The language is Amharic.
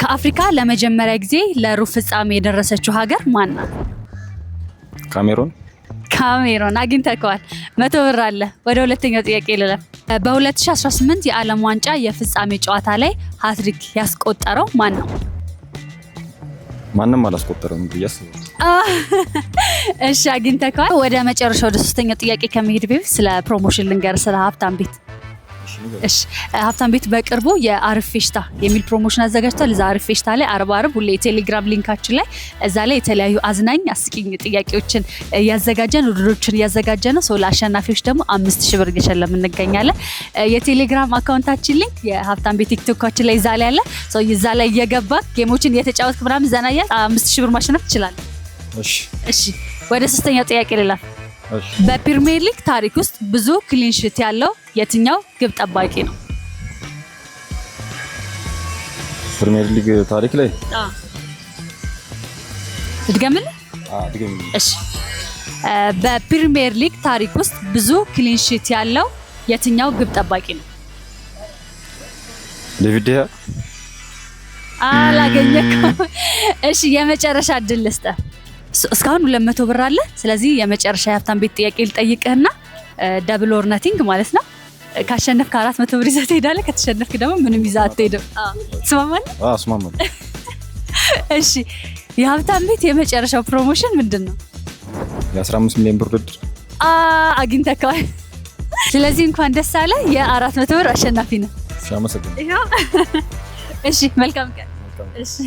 ከአፍሪካ ለመጀመሪያ ጊዜ ለሩብ ፍጻሜ የደረሰችው ሀገር ማን ናት? ካሜሮን። ካሜሮን አግኝተከዋል። መቶ ብር አለ። ወደ ሁለተኛው ጥያቄ ልለፍ። በ2018 የዓለም ዋንጫ የፍጻሜ ጨዋታ ላይ ሀትሪክ ያስቆጠረው ማን ነው? ማንም አላስቆጠረም ብዬ አስባለሁ። እሺ አግኝተከዋል። ወደ መጨረሻ ወደ ሶስተኛው ጥያቄ ከመሄድ በፊት ስለ ፕሮሞሽን ልንገር፣ ስለ ሀብታም ቤት እሺ ሀብታም ቤት በቅርቡ የአሪፍ ፌሽታ የሚል ፕሮሞሽን አዘጋጅቷል። እዛ አሪፍ ፌሽታ ላይ አርብ አርብ ሁሌ የቴሌግራም ሊንካችን ላይ እዛ ላይ የተለያዩ አዝናኝ አስቂኝ ጥያቄዎችን እያዘጋጀን ውድድሮችን እያዘጋጀ ነው። ሰው ለአሸናፊዎች ደግሞ አምስት ሺህ ብር እየሸለም እንገኛለን። የቴሌግራም አካውንታችን ሊንክ የሀብታም ቤት ቲክቶካችን ላይ እዛ ላይ ያለ ሰው እዛ ላይ እየገባ ጌሞችን እየተጫወትክ ምናምን ዘና እያል አምስት ሺህ ብር ማሸነፍ ትችላለን። እሺ ወደ ሶስተኛው ጥያቄ ሌላ በፕሪሚየር ሊግ ታሪክ ውስጥ ብዙ ክሊንሽት ያለው የትኛው ግብ ጠባቂ ነው? ፕሪሚየር ሊግ ታሪክ ላይ እድገምል እሺ። በፕሪሚየር ሊግ ታሪክ ውስጥ ብዙ ክሊንሽት ያለው የትኛው ግብ ጠባቂ ነው? ዴቪድ ዲያ። አላገኘከው። እሺ፣ የመጨረሻ እድል ልስጥህ። እስካሁን ሁለት መቶ ብር አለ። ስለዚህ የመጨረሻ የሀብታም ቤት ጥያቄ ልጠይቅህና ደብል ኦር ነቲንግ ማለት ነው። ካሸነፍክ አራት መቶ ብር ይዘህ ትሄዳለህ። ከተሸነፍክ ደግሞ ምንም ይዘህ አትሄድም። ትስማማለህ? እሺ፣ የሀብታም ቤት የመጨረሻው ፕሮሞሽን ምንድን ነው? የ15 ሚሊዮን ብር ውድድር አግኝተከዋል። ስለዚህ እንኳን ደስ አለ፣ የአራት መቶ ብር አሸናፊ ነው። አመሰግናለሁ። እሺ